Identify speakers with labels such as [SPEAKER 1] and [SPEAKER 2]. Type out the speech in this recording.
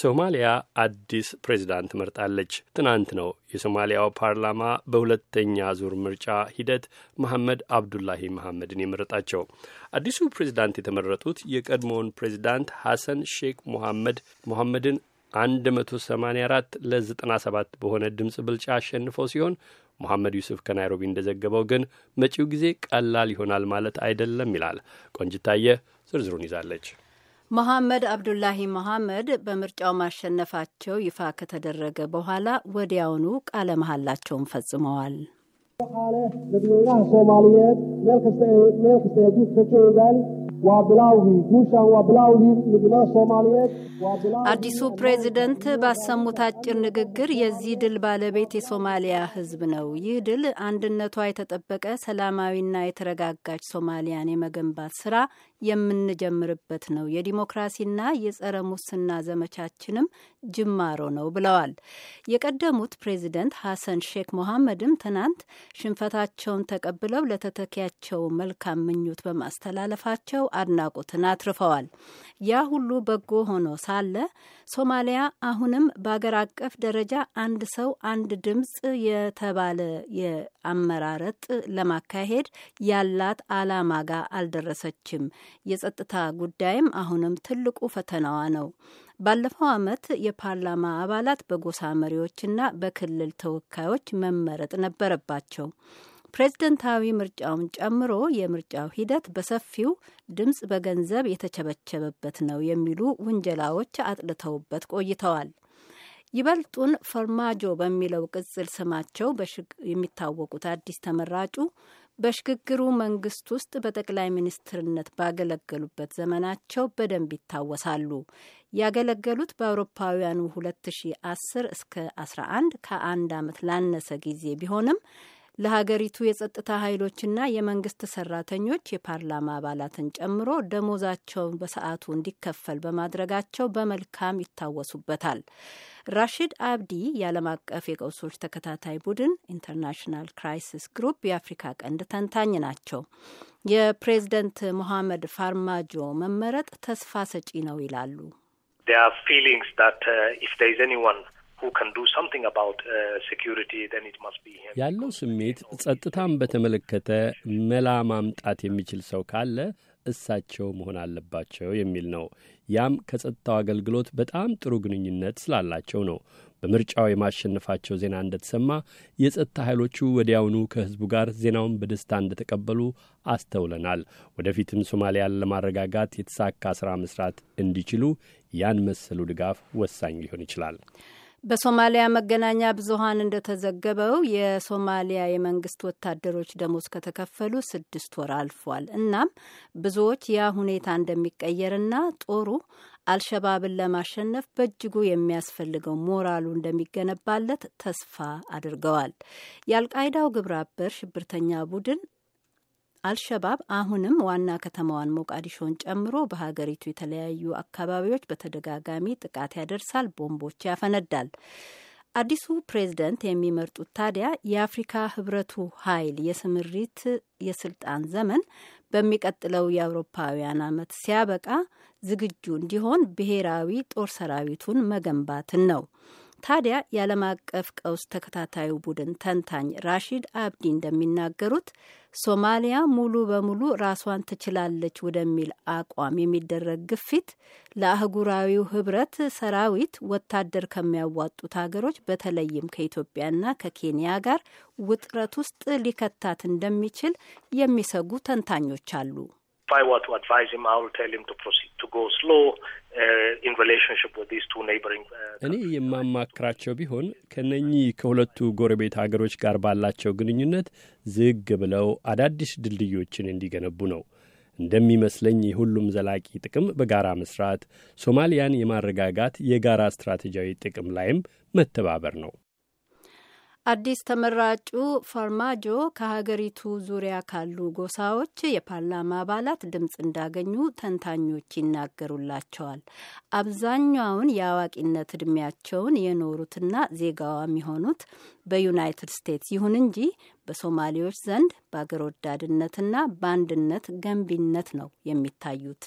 [SPEAKER 1] ሶማሊያ አዲስ ፕሬዚዳንት መርጣለች። ትናንት ነው የሶማሊያው ፓርላማ በሁለተኛ ዙር ምርጫ ሂደት መሐመድ አብዱላሂ መሐመድን የመረጣቸው። አዲሱ ፕሬዚዳንት የተመረጡት የቀድሞውን ፕሬዚዳንት ሐሰን ሼክ ሞሐመድ ሞሐመድን 184 ለ97 በሆነ ድምፅ ብልጫ አሸንፈው ሲሆን መሐመድ ዩሱፍ ከናይሮቢ እንደዘገበው ግን መጪው ጊዜ ቀላል ይሆናል ማለት አይደለም ይላል። ቆንጅታየ ዝርዝሩን ይዛለች።
[SPEAKER 2] መሐመድ አብዱላሂ መሐመድ በምርጫው ማሸነፋቸው ይፋ ከተደረገ በኋላ ወዲያውኑ ቃለ መሐላቸውን ፈጽመዋል። አዲሱ ፕሬዚደንት ባሰሙት አጭር ንግግር የዚህ ድል ባለቤት የሶማሊያ ሕዝብ ነው። ይህ ድል አንድነቷ የተጠበቀ ሰላማዊና የተረጋጋች ሶማሊያን የመገንባት ስራ የምንጀምርበት ነው። የዲሞክራሲና የጸረ ሙስና ዘመቻችንም ጅማሮ ነው ብለዋል። የቀደሙት ፕሬዚደንት ሐሰን ሼክ ሞሐመድም ትናንት ሽንፈታቸውን ተቀብለው ለተተኪያቸው መልካም ምኞት በማስተላለፋቸው አድናቆትን አትርፈዋል። ያ ሁሉ በጎ ሆኖ ሳለ ሶማሊያ አሁንም በአገር አቀፍ ደረጃ አንድ ሰው አንድ ድምፅ የተባለ የአመራረጥ ለማካሄድ ያላት አላማ ጋር አልደረሰችም። የጸጥታ ጉዳይም አሁንም ትልቁ ፈተናዋ ነው። ባለፈው ዓመት የፓርላማ አባላት በጎሳ መሪዎችና በክልል ተወካዮች መመረጥ ነበረባቸው። ፕሬዝደንታዊ ምርጫውን ጨምሮ የምርጫው ሂደት በሰፊው ድምፅ በገንዘብ የተቸበቸበበት ነው የሚሉ ውንጀላዎች አጥልተውበት ቆይተዋል። ይበልጡን ፈርማጆ በሚለው ቅጽል ስማቸው የሚታወቁት አዲስ ተመራጩ በሽግግሩ መንግስት ውስጥ በጠቅላይ ሚኒስትርነት ባገለገሉበት ዘመናቸው በደንብ ይታወሳሉ። ያገለገሉት በአውሮፓውያኑ 2010 እስከ 11 ከአንድ ዓመት ላነሰ ጊዜ ቢሆንም ለሀገሪቱ የጸጥታ ኃይሎችና የመንግስት ሰራተኞች የፓርላማ አባላትን ጨምሮ ደሞዛቸውን በሰዓቱ እንዲከፈል በማድረጋቸው በመልካም ይታወሱበታል። ራሽድ አብዲ የዓለም አቀፍ የቀውሶች ተከታታይ ቡድን ኢንተርናሽናል ክራይሲስ ግሩፕ የአፍሪካ ቀንድ ተንታኝ ናቸው። የፕሬዝደንት ሞሐመድ ፋርማጆ መመረጥ ተስፋ ሰጪ ነው ይላሉ።
[SPEAKER 1] Uh, ያለው ስሜት ጸጥታን በተመለከተ መላ ማምጣት የሚችል ሰው ካለ እሳቸው መሆን አለባቸው የሚል ነው። ያም ከጸጥታው አገልግሎት በጣም ጥሩ ግንኙነት ስላላቸው ነው። በምርጫው የማሸነፋቸው ዜና እንደተሰማ የጸጥታ ኃይሎቹ ወዲያውኑ ከሕዝቡ ጋር ዜናውን በደስታ እንደተቀበሉ አስተውለናል። ወደፊትም ሶማሊያን ለማረጋጋት የተሳካ ሥራ መስራት እንዲችሉ ያን መሰሉ ድጋፍ ወሳኝ ሊሆን ይችላል።
[SPEAKER 2] በሶማሊያ መገናኛ ብዙሀን እንደተዘገበው የሶማሊያ የመንግስት ወታደሮች ደሞዝ ከተከፈሉ ስድስት ወር አልፏል። እናም ብዙዎች ያ ሁኔታ እንደሚቀየርና ጦሩ አልሸባብን ለማሸነፍ በእጅጉ የሚያስፈልገው ሞራሉ እንደሚገነባለት ተስፋ አድርገዋል። የአልቃይዳው ግብረ አበር ሽብርተኛ ቡድን አልሸባብ አሁንም ዋና ከተማዋን ሞቃዲሾን ጨምሮ በሀገሪቱ የተለያዩ አካባቢዎች በተደጋጋሚ ጥቃት ያደርሳል፣ ቦምቦች ያፈነዳል። አዲሱ ፕሬዝደንት የሚመርጡት ታዲያ የአፍሪካ ህብረቱ ኃይል የስምሪት የስልጣን ዘመን በሚቀጥለው የአውሮፓውያን ዓመት ሲያበቃ ዝግጁ እንዲሆን ብሔራዊ ጦር ሰራዊቱን መገንባትን ነው። ታዲያ የዓለም አቀፍ ቀውስ ተከታታዩ ቡድን ተንታኝ ራሺድ አብዲ እንደሚናገሩት ሶማሊያ ሙሉ በሙሉ ራሷን ትችላለች ወደሚል አቋም የሚደረግ ግፊት ለአህጉራዊው ህብረት ሰራዊት ወታደር ከሚያዋጡት ሀገሮች በተለይም ከኢትዮጵያና ከኬንያ ጋር ውጥረት ውስጥ ሊከታት እንደሚችል የሚሰጉ ተንታኞች አሉ።
[SPEAKER 1] if I were to advise him, I will tell him to proceed to go slow uh, in relationship with these two neighboring. Uh, እኔ የማማክራቸው ቢሆን ከነኚህ ከሁለቱ ጎረቤት ሀገሮች ጋር ባላቸው ግንኙነት ዝግ ብለው አዳዲስ ድልድዮችን እንዲገነቡ ነው። እንደሚመስለኝ የሁሉም ዘላቂ ጥቅም በጋራ መስራት፣ ሶማሊያን የማረጋጋት የጋራ ስትራቴጂያዊ ጥቅም ላይም መተባበር ነው።
[SPEAKER 2] አዲስ ተመራጩ ፋርማጆ ከሀገሪቱ ዙሪያ ካሉ ጎሳዎች የፓርላማ አባላት ድምፅ እንዳገኙ ተንታኞች ይናገሩላቸዋል። አብዛኛውን የአዋቂነት እድሜያቸውን የኖሩትና ዜጋዋ የሚሆኑት በዩናይትድ ስቴትስ ይሁን እንጂ በሶማሌዎች ዘንድ በአገር ወዳድነትና በአንድነት ገንቢነት ነው የሚታዩት።